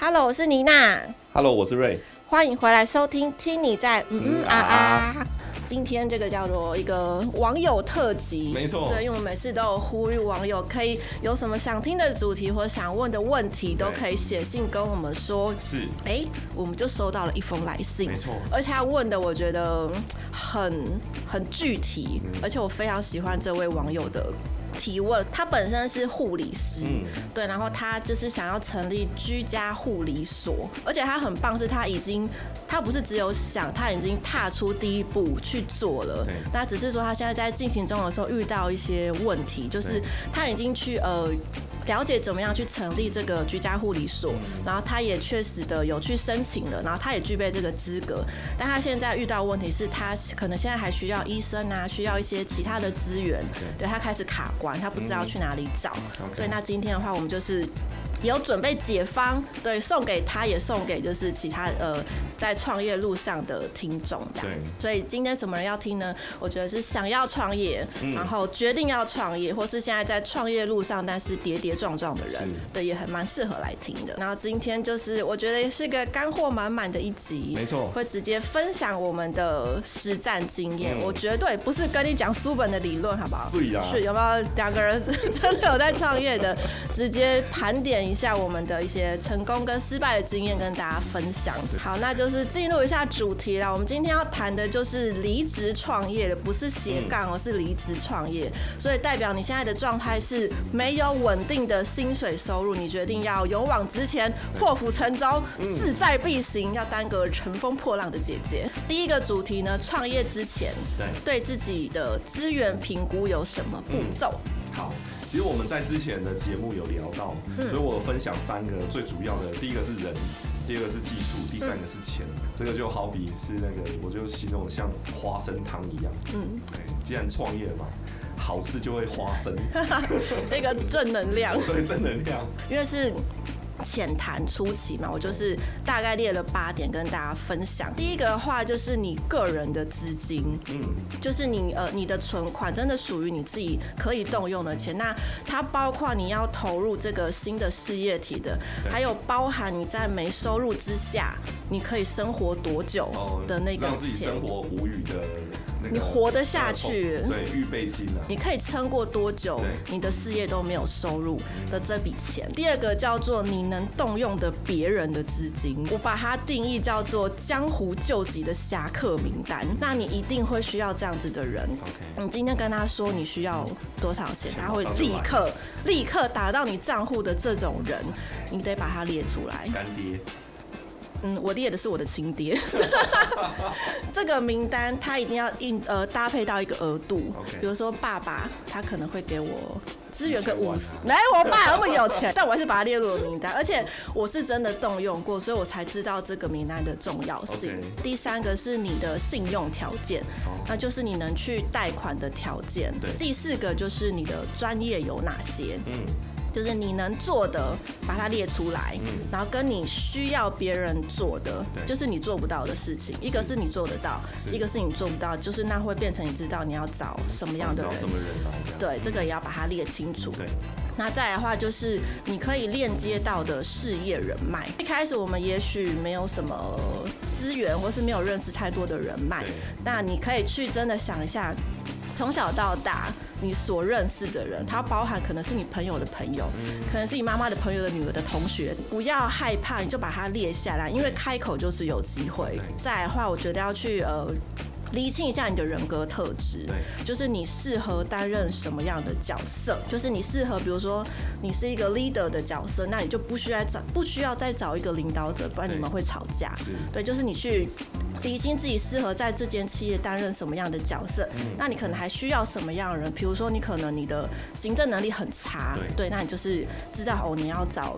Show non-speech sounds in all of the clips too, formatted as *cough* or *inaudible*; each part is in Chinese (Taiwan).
Hello，我是 Nina。Hello，我是 Ray。歡迎回來收聽《聽你在》。嗯嗯啊啊。嗯啊啊今天這個叫做一個網友特輯，沒錯錯。對，因為我們每次都有呼籲網友，可以有什麼想聽的主題或想問的問題，都可以寫信跟我們說。是對，哎、欸，我們就收到了一封來信，沒錯是。而且他問的，我覺得很很具體，嗯、而且我非常喜歡這位網友的。提問，他本身是護理師，嗯、對，然後他就是想要成立居家護理所，而且他很棒，是他已經，他不是只有想，他已經踏出第一步去做了，對那只是說他現在在進行中的時候遇到一些問題，就是他已經去對呃。了解怎麼樣去成立這個居家護理所，然後他也確實的有去申請了，然後他也具備這個資格，但他現在遇到問題是，他可能現在還需要醫生啊，需要一些其他的資源，對，他開始卡關，他不知道去哪裡找。對，那今天的話，我們就是。有準備解方，對，送給他也送給就是其他呃在創業路上的聽眾對。所以今天什麼人要聽呢？我覺得是想要創業，嗯、然後決定要創業，或是現在在創業路上但是跌跌撞撞的人，是對，也還蠻適合來聽的。然後今天就是我覺得是個乾貨滿滿的一集，沒錯錯，會直接分享我們的實戰經驗。嗯、我絕對不是跟你講書本的理論，好不好？啊、是是有沒有兩個人真的有在創業的， *laughs* 直接盤點。一下我們的一些成功跟失敗的經驗跟大家分享。好，那就是進入一下主題啦。我們今天要談的就是離職創業的，不是斜槓，而是離職創業。所以代表你現在的狀態是沒有穩定的薪水收入，你決定要勇往直前，破釜沉舟，勢對在必行，要當個乘風破浪的姐姐。第一個主題呢，創業之前對對自己的資源評估有什麼步驟？嗯。好。其實我們在之前的節目有聊到，所以我分享三個最主要的，第一個是人，第二個是技術，第三個是錢。這個就好比是那個，我就形容像花生湯一樣。嗯，既然創業嘛，好事就會花生，哈哈，那個正能量， *laughs* 對，正能量，因為是。淺談初期嘛，我就是大概列了八點跟大家分享。第一個的話就是你個人的資金，嗯，就是你呃你的存款真的屬於你自己可以動用的錢。那它包括你要投入這個新的事業體的，對還有包含你在沒收入之下你可以生活多久的那個錢。讓自己生活無虞的。你活得下去？對，預備金了。你可以撐過多久？你的事業都沒有收入的這筆錢。第二個叫做你能動用的別人的資金，我把它定義叫做江湖救急的俠客名單。那你一定會需要這樣子的人。你今天跟他說你需要多少錢，他會立刻立刻打到你賬戶的這種人，你得把它列出來。嗯，我列的是我的親爹， *laughs* 這個名單他一定要硬呃搭配到一個額度，Okay. 比如說爸爸他可能會給我支援個五十，哎、啊，我爸沒那麼有錢， *laughs* 但我還是把它列入了名單，而且我是真的動用過，所以我才知道這個名單的重要性。Okay. 第三個是你的信用條件，oh. 那就是你能去貸款的條件。對第四個就是你的專業有哪些。嗯。就是你能做的，把它列出來，然後跟你需要別人做的，就是你做不到的事情。一個是你做得到，一個是你做不到，就是那會變成你知道你要找什麼樣的人。找什麼人對，這個也要把它列清楚。那再來的話，就是你可以鏈接到的事業人脈。一開始我們也許沒有什麼資源，或是沒有認識太多的人脈，那你可以去真的想一下。從小到大，你所認識的人，它包含可能是你朋友的朋友，嗯、可能是你媽媽的朋友的女兒的同學。不要害怕，你就把它列下來，因為開口就是有機會。對再來的話，我覺得要去呃，釐清一下你的人格特質，對就是你適合擔任什麼樣的角色，就是你適合，比如說你是一個 leader 的角色，那你就不需要找，不需要再找一個領導者，不然你們會吵架。對，對，就是你去。理清自己適合在這間企業擔任什麼樣的角色，嗯，那你可能還需要什麼樣的人？比如說，你可能你的行政能力很差，對，對，那你就是知道哦，你要找，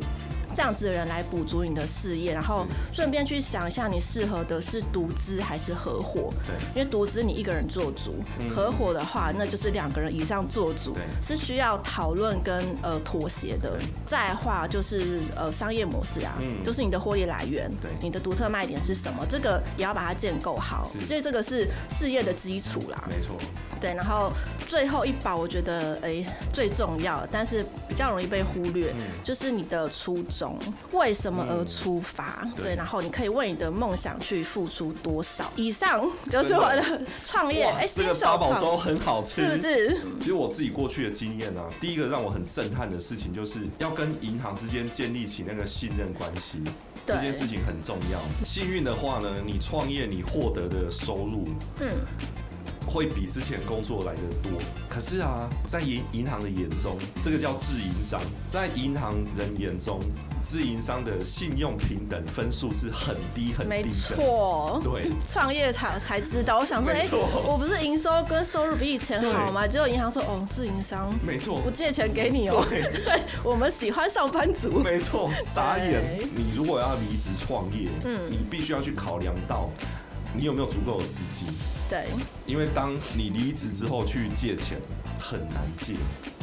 這樣子的人來補足你的事業，然後順便去想一下你適合的是獨資還是合夥？對，因為獨資你一個人做主，嗯、合夥的話那就是兩個人以上做主，對是需要討論跟呃妥協的。對再來就是呃商業模式啊，就對是你的獲利來源，對，你的獨特賣點是什麼？這個也要把它建構好，是所以這個是事業的基礎啦。沒錯錯，對，然後最後一把我覺得哎、欸、最重要，但是比較容易被忽略，嗯、就是你的出。為什麼而出發？嗯、對，然後你可以為你的夢想去付出多少？以上就是我的創業哎，新手。這個八寶粥很好吃，是不是？其實我自己過去的經驗啊，第一個讓我很震撼的事情，就是要跟銀行之間建立起那個信任關係，這件事情很重要。幸運的話呢，你創業你獲得的收入，嗯。會比之前工作來得多，可是啊，在銀銀行的眼中，這個叫自營商，在銀行人眼中，自營商的信用評等分數是很低很低沒錯錯，對，創業才才知道。我想說，哎錯、欸，我不是營收跟收入比以前好嗎？對結果銀行說，哦，自營商，沒錯錯，不借錢給你哦、喔。對， *laughs* 我們喜歡上班族。沒錯，傻眼。對你如果要離職創業，嗯，你必須要去考量到你有沒有足夠的資金。對，因為當你離職之後去借錢很難借，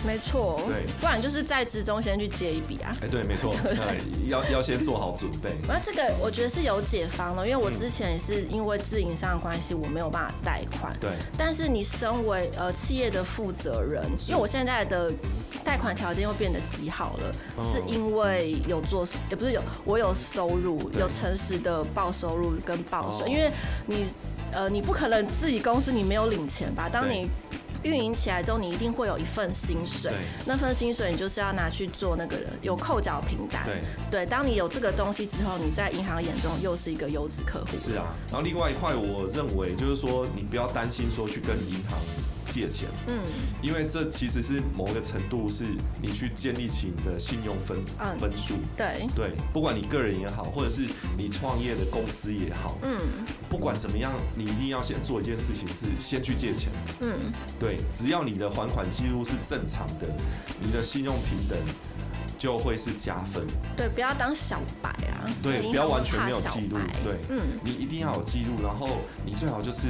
沒錯，對，不然就是在職中先去借一筆啊。哎，對，沒錯，對那要要先做好準備。那 *laughs* 這個我覺得是有解方的，因為我之前也是因為自營商的關係，我沒有辦法貸款。對、嗯，但是你身為呃企業的負責人，對因為我現在的。貸款條件又變得極好了，oh. 是因為有做，也不是有我有收入，對有誠實的報收入跟報稅，oh. 因為你，呃，你不可能自己公司你沒有領錢吧？當你運營起來之後，你一定會有一份薪水，對那份薪水你就是要拿去做那個有扣繳憑單，對，對，當你有這個東西之後，你在銀行眼中又是一個優質客戶。是啊，然後另外一塊，我認為就是說，你不要擔心說去跟銀行。借錢，嗯，因為這其實是某一個程度是你去建立起你的信用分分數，嗯，對，對，不管你個人也好，或者是你創業的公司也好，嗯，不管怎麼樣，你一定要先做一件事情，是先去借錢，嗯，對，只要你的還款記錄是正常的，你的信用評等就會是加分，對，不要當小白啊，對，不要完全沒有記錄，對，嗯，你一定要有記錄，然後你最好就是。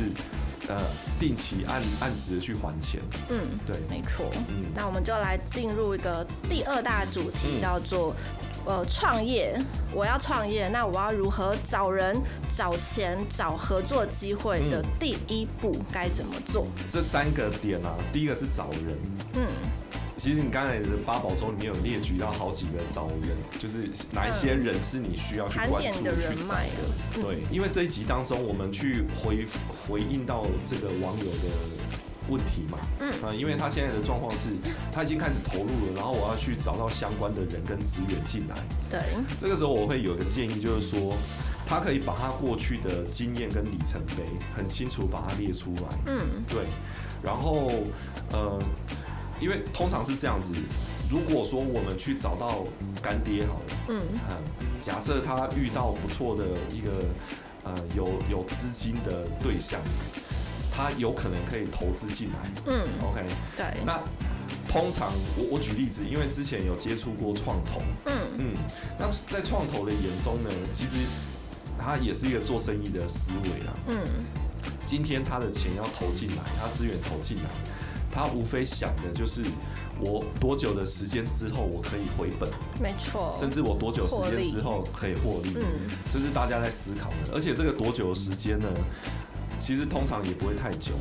呃，定期按按時去還錢。嗯，對，沒錯。嗯，那我們就來進入一個第二大主題，嗯、叫做呃創業。我要創業，那我要如何找人、找錢、找合作機會的第一步、嗯、該怎麼做？這三個點啊，第一個是找人。嗯。嗯其實你剛才的八寶粥裡面有列舉到好幾個招人，就是哪一些人是你需要去關注去找的？對，因為這一集當中，我們去回回應到這個網友的問題嘛。嗯。因為他現在的狀況是，他已經開始投入了，然後我要去找到相關的人跟資源進來。對。這個時候我會有一個建議，就是說，他可以把他過去的經驗跟里程碑很清楚把它列出來。嗯。對，然後呃。因為通常是這樣子，如果說我們去找到乾爹好了，嗯，假設他遇到不錯的一個、呃、有有資金的對象，他有可能可以投資進來，嗯，OK，對，那通常我我舉例子，因為之前有接觸過創投，嗯嗯，那在創投的眼中呢，其實他也是一個做生意的思維啊，嗯，今天他的錢要投進來，他資源投進來。他無非想的就是，我多久的時間之後我可以回本？沒錯。甚至我多久時間之後可以獲利？嗯，這是大家在思考的。而且這個多久的時間呢？嗯，其實通常也不會太久。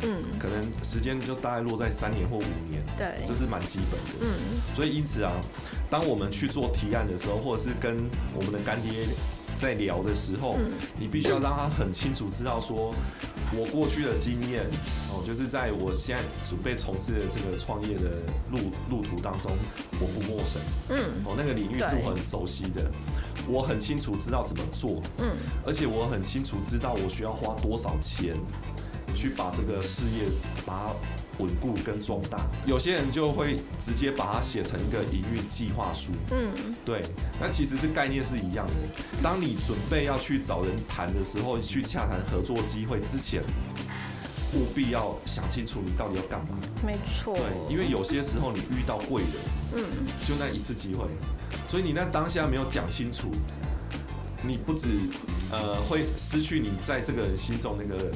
嗯。可能時間就大概落在三年或五年。對。這是蠻基本的。嗯。所以因此啊，當我們去做提案的時候，或者是跟我們的乾爹。在聊的時候，你必須要讓他很清楚知道，說我過去的經驗，哦，就是在我現在準備從事的這個創業的路路途當中，我不陌生，嗯，哦，那個領域是我很熟悉的，我很清楚知道怎麼做，嗯，而且我很清楚知道我需要花多少錢。去把這個事業把它穩固跟壯大，有些人就會直接把它寫成一個營運計劃書。嗯，對，那其實是概念是一樣的。當你準備要去找人談的時候，去洽談合作機會之前，務必要想清楚你到底要幹嘛。沒錯，對，因為有些時候你遇到貴人，嗯，就那一次機會，所以你那當下沒有講清楚，你不止呃會失去你在這個人心中那個，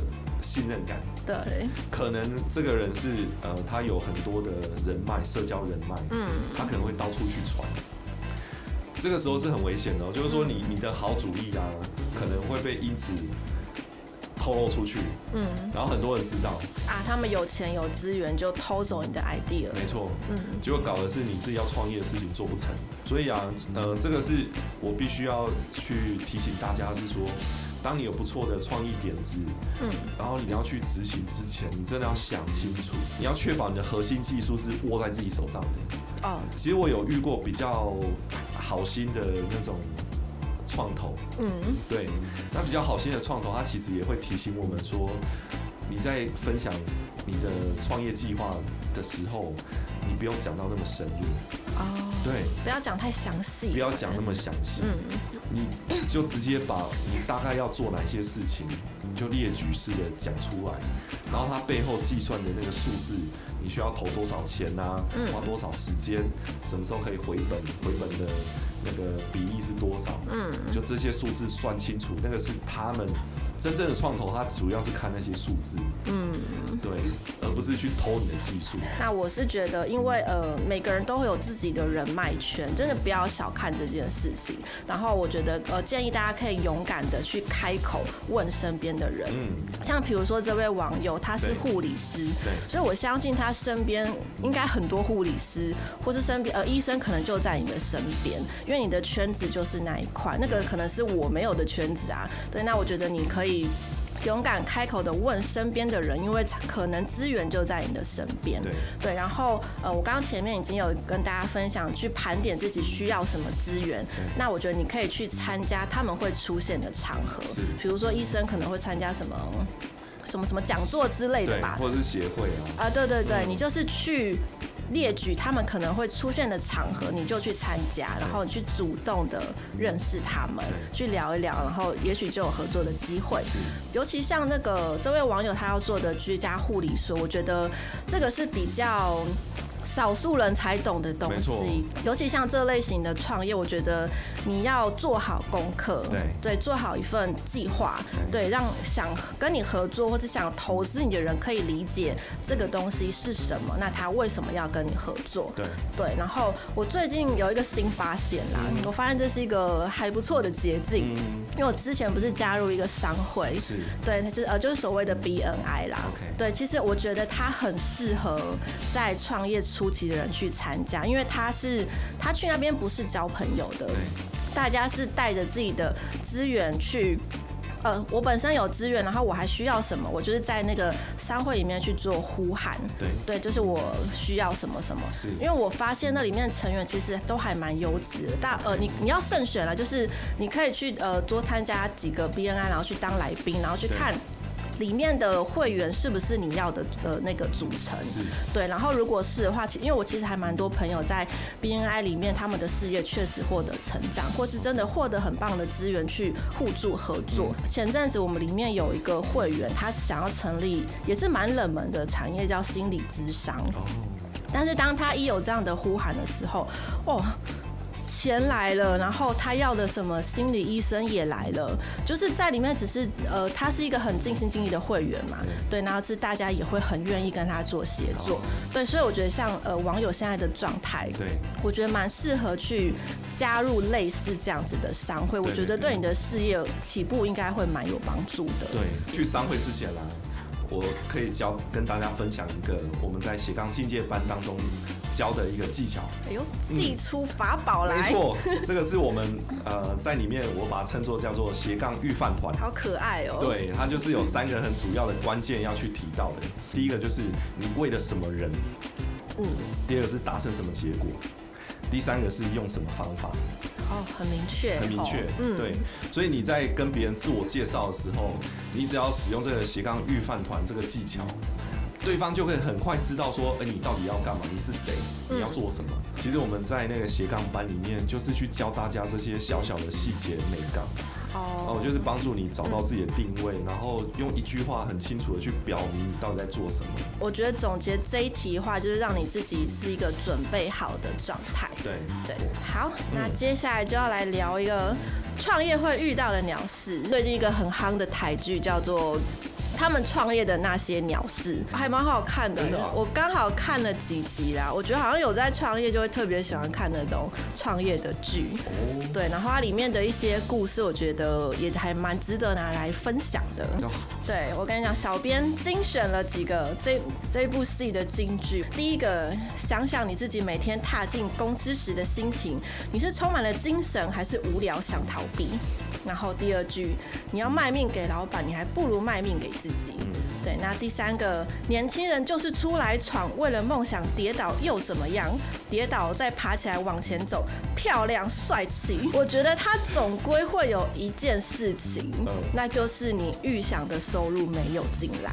信任感，對，可能這個人是呃，他有很多的人脈，社交人脈，嗯，他可能會到處去傳，這個時候是很危險的，就是說你、嗯、你的好主意啊，可能會被因此透露出去，嗯，然後很多人知道，啊，他們有錢有資源就偷走你的 idea，沒錯，嗯，結果搞的是你自己要創業的事情做不成，所以啊，呃，這個是我必須要去提醒大家是說。當你有不錯的創意點子，嗯，然後你要去執行之前，你真的要想清楚，你要確保你的核心技術是握在自己手上的。哦，其實我有遇過比較好心的那種創投，嗯，對，那比較好心的創投，他其實也會提醒我們說，你在分享你的創業計劃的時候，你不用講到那麼深入，哦，對，不要講太詳細，不要講那麼詳細，嗯。嗯你就直接把你大概要做哪些事情，你就列舉式的講出來，然後它背後計算的那個數字，你需要投多少錢啊？花多少時間？什麼時候可以回本？回本的那個比例是多少？嗯，就這些數字算清楚，那個是他們。真正的創投，它主要是看那些數字，嗯，對，而不是去偷你的技術。那我是覺得，因為呃，每個人都會有自己的人脈圈，真的不要小看這件事情。然後，我覺得呃，建議大家可以勇敢的去開口問身邊的人，嗯，像比如說這位網友，他是護理師，對，所以我相信他身邊應該很多護理師，或是身邊呃醫生可能就在你的身邊，因為你的圈子就是那一塊，那個可能是我沒有的圈子啊。對，那我覺得你可以。可以勇敢開口的問身邊的人，因為可能資源就在你的身邊。對對，然後呃，我剛剛前面已經有跟大家分享，去盤點自己需要什麼資源。對那我覺得你可以去參加他們會出現的場合，是比如說醫生可能會參加什麼，是什麼什麼什麼講座之類的吧，對，或者是協會啊。呃，對對對，嗯，你就是去。列舉他們可能會出現的場合，你就去參加，然後你去主動的認識他們，去聊一聊，然後也許就有合作的機會。是尤其像那個這位網友他要做的居家護理說，說我覺得這個是比較。少數人才懂的東西，沒錯。尤其像這類型的創業，我覺得你要做好功課，對，對做好一份計劃，Okay. 對，讓想跟你合作或者想投資你的人可以理解這個東西是什麼，那他為什麼要跟你合作？對對。然後我最近有一個新發現啦，mm hmm. 我發現這是一個還不錯的捷徑，mm hmm. 因為我之前不是加入一個商會，是對，就是呃，就是所謂的 BNI 啦，Okay. 對，其實我覺得它很適合在創業。出奇的人去參加，因為他是他去那邊不是交朋友的。對大家是帶着自己的資源去。呃，我本身有資源，然後我還需要什麼？我就是在那個商會裡面去做呼喊，對，對，就是我需要什麼什麼。是因為我發現那裡面的成員其實都還蠻優質的，但呃，你你要慎選了，就是你可以去呃多參加幾個 BNI，然後去當來賓，然後去看。裡面的會員是不是你要的呃那個組成？是對，然後如果是的話，其因為我其實還蠻多朋友在 BNI 裡面，他們的事業確實獲得成長，或是真的獲得很棒的資源去互助合作。嗯、前陣子我們裡面有一個會員，他想要成立也是蠻冷門的產業，叫心理諮商。嗯、但是當他一有這樣的呼喊的時候，哦。錢來了，然後他要的什麼心理醫生也來了，就是在裡面只是呃，他是一個很盡心盡力的會員嘛，對，對，然後是大家也會很願意跟他做協作，好對，所以我覺得像呃網友現在的狀態，對，我覺得蠻適合去加入類似這樣子的商會，對我覺得對你的事業起步應該會蠻有幫助的。對，對，去商會之前呢，我可以教跟大家分享一個我們在斜槓進階班當中。教的一個技巧，哎呦，祭出法寶來！沒錯，這個是我們呃，在裡面我把它稱作叫做斜槓御飯糰，好可愛哦。對，它就是有三個很主要的關鍵要去提到的。第一個就是你為了什麼人，嗯，第二個是達成什麼結果，第三個是用什麼方法。哦，很明確，很明確，嗯，對。所以你在跟別人自我介紹的時候，你只要使用這個斜槓御飯糰這個技巧。對方就會很快知道說，哎、呃，你到底要幹嘛？你是誰？你要做什麼？嗯、其實我們在那個斜槓班裡面，就是去教大家這些小小的細節美槓哦，嗯、就是幫助你找到自己的定位，嗯、然後用一句話很清楚地去表明，你到底在做什麼。我覺得總結這一題的話，就是讓你自己是一個準備好的狀態。嗯、對對，好，嗯、那接下來就要來聊一個創業會遇到的鳥事。最近一個很夯的台劇叫做。他們創業的那些鳥事還蠻好看的，哦，我剛好看了幾集啦。我覺得好像有在創業，就會特別喜歡看那種創業的劇。Oh. 對，然後它裡面的一些故事，我覺得也還蠻值得拿來分享的。Oh. 對，我跟你講，小編精選了幾個這這部戲的金句。第一個，想想你自己每天踏進公司時的心情，你是充滿了精神，還是無聊想逃避？然後第二句，你要賣命給老闆，你還不如賣命給自己。對，那第三個，年輕人就是出來闖，為了夢想跌倒又怎麼樣？跌倒再爬起來往前走，漂亮帥氣。我覺得他總歸會有一件事情，那就是你預想的收入沒有進來。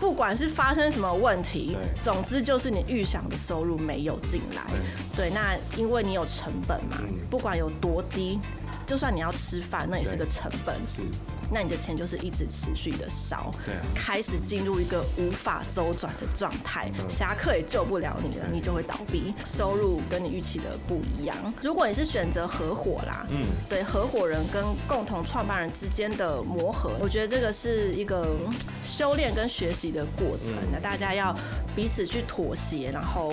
不管是發生什麼問題，總之就是你預想的收入沒有進來。對，那因為你有成本嘛，不管有多低。就算你要吃飯，那也是個成本，是，那你的錢就是一直持續的燒，對啊、開始進入一個無法周轉的狀態，嗯、俠客也救不了你了，對你就會倒閉。收入跟你預期的不一樣，如果你是選擇合夥啦，嗯，對，合夥人跟共同創辦人之間的磨合，我覺得這個是一個修煉跟學習的過程，那、嗯、大家要彼此去妥協，然後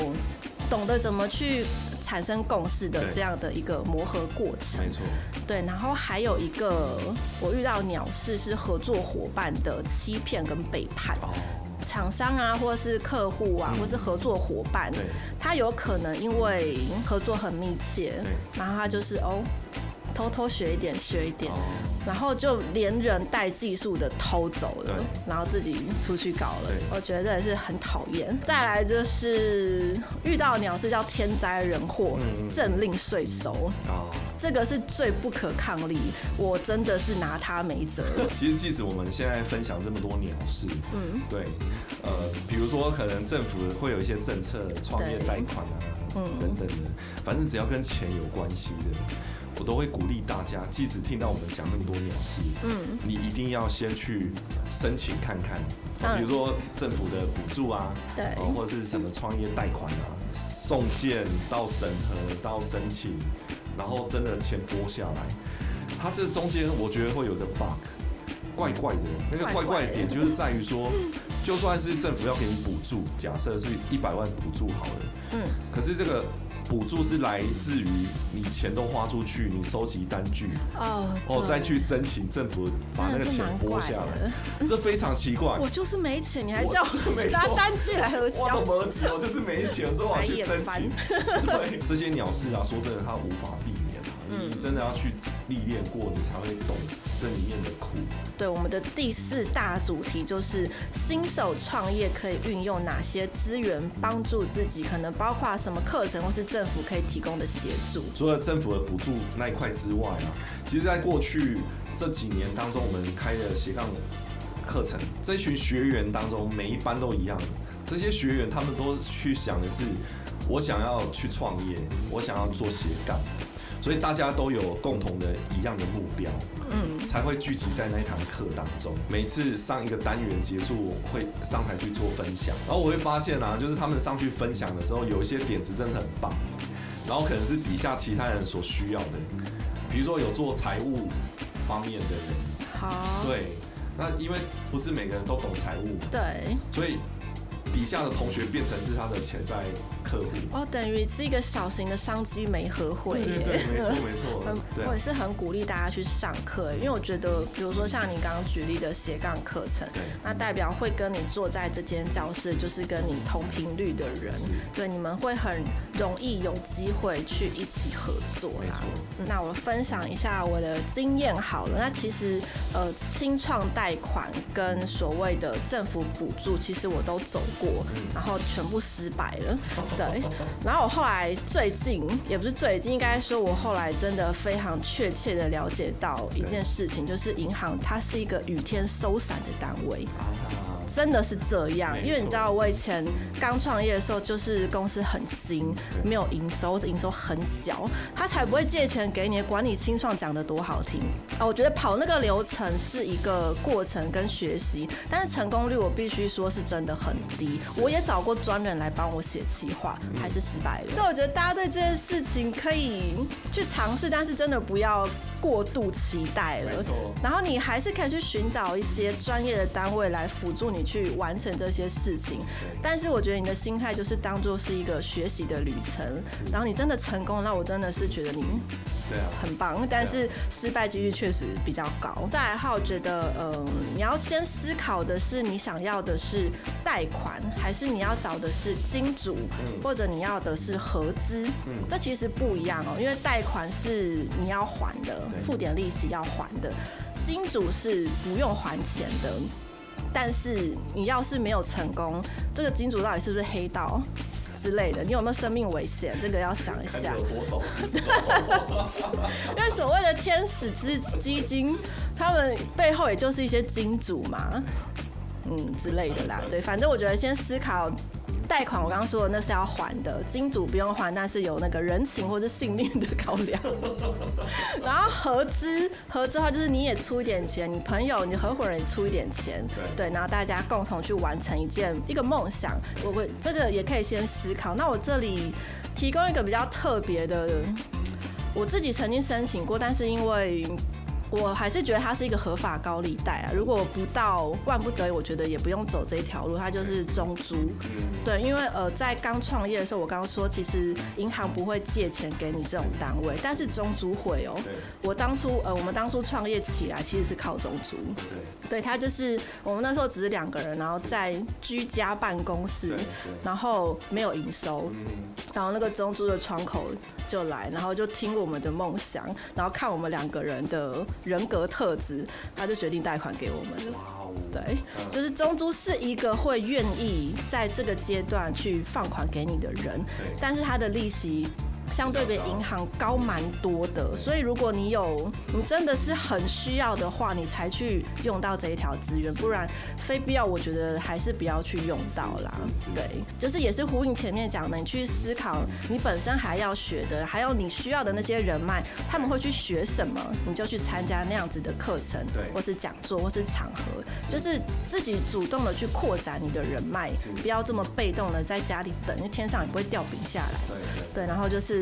懂得怎麼去。產生共識的這樣的一個磨合過程，沒錯。對，然後還有一個我遇到鳥事是合作夥伴的欺騙跟背叛，廠商啊，或者是客戶啊，或是合作夥伴，他有可能因為合作很密切，然後他就是哦、喔。偷偷學一點，學一點，然後就連人帶技術的偷走了，然後自己出去搞了。我覺得這也是很討厭。再來就是遇到的鳥事叫天災人禍、政令稅收，這個是最不可抗力，我真的是拿他沒轍。其實即使我們現在分享這麼多鳥事，嗯，對，呃，比如說可能政府會有一些政策，創業貸款啊，嗯，等等的，反正只要跟錢有關係的。我都會鼓勵大家，即使聽到我們講那麼多鳥事，嗯，你一定要先去申請看看，比如說政府的補助啊，對，或者是什麼創業貸款啊，嗯、送件到審核到申請，然後真的錢撥下來，它這中間我覺得會有個 bug，怪怪的。嗯、那個怪怪的點就是在於說，怪怪就算是政府要給你補助，假設是一百萬補助好了，嗯，可是這個。補助是來自於你錢都花出去，你收集單據，哦，oh, okay. 再去申請政府把那個錢撥下來，這非常奇怪。嗯。我就是沒錢，你還叫我拿單據來和 *laughs* 我的？沒錯，我就是沒錢，說我要去申請，眼 *laughs* 對這些鳥事啊！說真的，他無法避免。你真的要去歷練過，你才會懂這裡面的苦。對，我們的第四大主題就是新手創業可以運用哪些資源幫助自己？可能包括什麼課程或是政府可以提供的協助？除了政府的補助那一塊之外啊，其實在過去這幾年當中，我們開的斜槓課程，這群學員當中，每一班都一樣，這些學員他們都去想的是：我想要去創業，我想要做斜槓。所以大家都有共同的一樣的目標，嗯，才會聚集在那一堂課當中。每次上一個單元結束我會上台去做分享，然後我會發現啊，就是他們上去分享的時候，有一些點子真的很棒，然後可能是底下其他人所需要的，比如說有做財務方面的人，好，對，那因為不是每個人都懂財務嘛，對，所以。底下的同學變成是他的潛在客戶，哦，等於是一個小型的商機媒合會耶。對對對沒錯沒錯。 *laughs* 嗯啊、我也是很鼓勵大家去上課，因為我覺得，比如說像你剛剛舉例的斜槓課程，對那代表會跟你坐在這間教室，就是跟你同頻率的人，對，對，你們會很容易有機會去一起合作啦。啦錯、嗯。那我分享一下我的經驗好了，那其實呃，青創貸款跟所謂的政府補助，其實我都走過。然後全部失敗了，對。然後我後來最近，也不是最近，應該說我後來真的非常確切的了解到一件事情，就是銀行它是一個雨天收傘的單位。真的是這樣，因為你知道我以前剛創業的時候，就是公司很新，沒有營收，營收很小，他才不會借錢給你，管你清創講得多好聽啊！我覺得跑那個流程是一個過程跟學習，但是成功率我必須說是真的很低。我也找過專人來幫我寫企劃，還是失敗了。所以我覺得大家對這件事情可以去嘗試，但是真的不要過度期待了。然後你還是可以去尋找一些專業的單位來輔助你。你去完成這些事情，但是我覺得你的心態就是當做是一個學習的旅程。然後你真的成功了，那我真的是覺得你對啊，很棒。但是失敗幾率確實比較高。再來後，覺得嗯、呃，你要先思考的是你想要的是貸款，還是你要找的是金主，或者你要的是合資？這其實不一樣哦，因為貸款是你要還的，付點利息要還的；金主是不用還錢的。但是你要是沒有成功，這個金主到底是不是黑道之類的？你有沒有生命危險？這個要想一下。 *laughs* 因為所謂的天使之基金，他們背後也就是一些金主嘛，嗯之類的啦。對，反正我覺得先思考。貸款我剛剛說的，那是要還的，金主不用還，但是有那個人情或者是信念的考量。然後合資，合資的話就是你也出一點錢，你朋友、你合夥人也出一點錢，對，然後大家共同去完成一件一個夢想。我會這個也可以先思考。那我這裡提供一個比較特別的，我自己曾經申請過，但是因為。我還是覺得他是一個合法高利貸啊！如果不到萬不得已，我覺得也不用走這一條路。他就是中租，嗯、對，因為呃，在剛創業的時候，我剛剛說，其實銀行不會借錢給你這種單位，但是中租會哦。我當初呃，我們當初創業起來其實是靠中租，對，對，他就是我們那時候只是兩個人，然後在居家辦公室，然後沒有營收，然後那個中租的窗口就來，然後就聽我們的夢想，然後看我們兩個人的。人格特質，他就決定貸款給我們了。對，就是中租是一個會願意在這個階段去放款給你的人，但是他的利息，相對比銀行高蠻多的，所以如果你有，你真的是很需要的話，你才去用到這一條資源，不然非必要，我覺得還是不要去用到啦。對，就是也是呼應前面講的，你去思考你本身還要學的，還有你需要的那些人脈，他們會去學什麼，你就去參加那樣子的課程，對，或是講座，或是場合，就是自己主動的去擴展你的人脈，不要這麼被動的在家裡等，因為天上也不會掉餅下來。對。對，然後就是。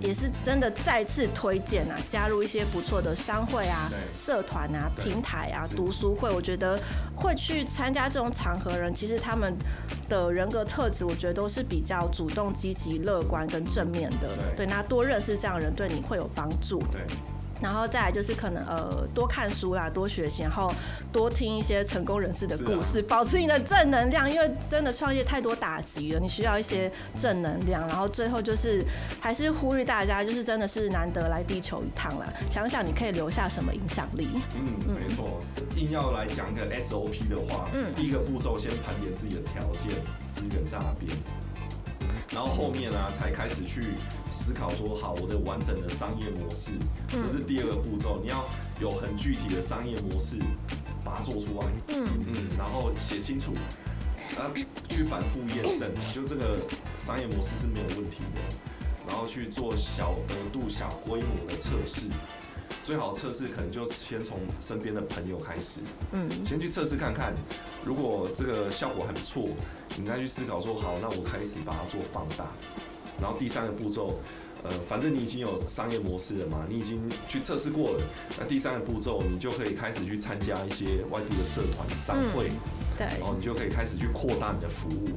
也是真的再次推薦啊，加入一些不錯的商會啊、對社團啊、平台啊、對讀書會，我覺得會去參加這種場合的人，其實他們的人格特質，我覺得都是比較主動、積極、樂觀跟正面的。對，對，那多認識這樣的人，對你會有幫助。對。然後再來就是可能呃多看書啦，多學習，然後多聽一些成功人士的故事，啊、保持你的正能量，因為真的創業太多打擊了，你需要一些正能量。然後最後就是還是呼籲大家，就是真的是難得來地球一趟啦。想想你可以留下什麼影響力。嗯，嗯，沒錯，硬要來講一個 SOP 的話，嗯，第一個步驟先盤點自己的條件資源在哪邊。然後後面啊，才開始去思考說，好，我的完整的商業模式，這是第二個步驟，你要有很具體的商業模式，把它做出來，嗯嗯，然後寫清楚，呃，去反覆驗證，就這個商業模式是沒有問題的，然後去做小額度、小規模的測試。最好測試可能就先從身邊的朋友開始，嗯，先去測試看看。如果這個效果還不錯，你應該去思考說，好，那我開始把它做放大。然後第三個步驟，呃，反正你已經有商業模式了嘛，你已經去測試過了，那第三個步驟你就可以開始去參加一些外地的社團、商會。嗯對然後你就可以開始去擴大你的服務，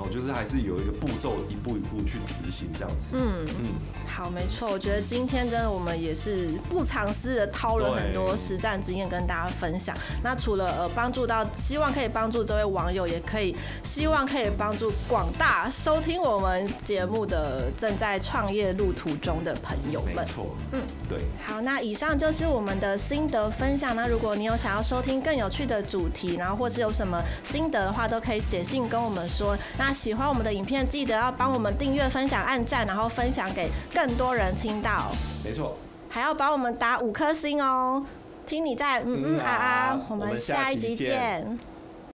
哦，就是還是有一個步驟，一步一步去執行這樣子。嗯嗯，嗯好，沒錯，我覺得今天真的我們也是不藏私地掏了很多實戰經驗跟大家分享。對那除了呃幫助到，希望可以幫助這位網友，也可以希望可以幫助廣大收聽我們節目的正在創業路途中的朋友們。沒錯，嗯，嗯對。好，那以上就是我們的心得分享。那如果你有想要收聽更有趣的主題，然後或是有什麼。心得的話都可以寫信跟我們說。那喜歡我們的影片，記得要幫我們訂閱、分享、按讚，然後分享給更多人聽到。沒錯，還要幫我們打五顆星哦。聽你在，嗯嗯啊啊，我們下一集見。嗯啊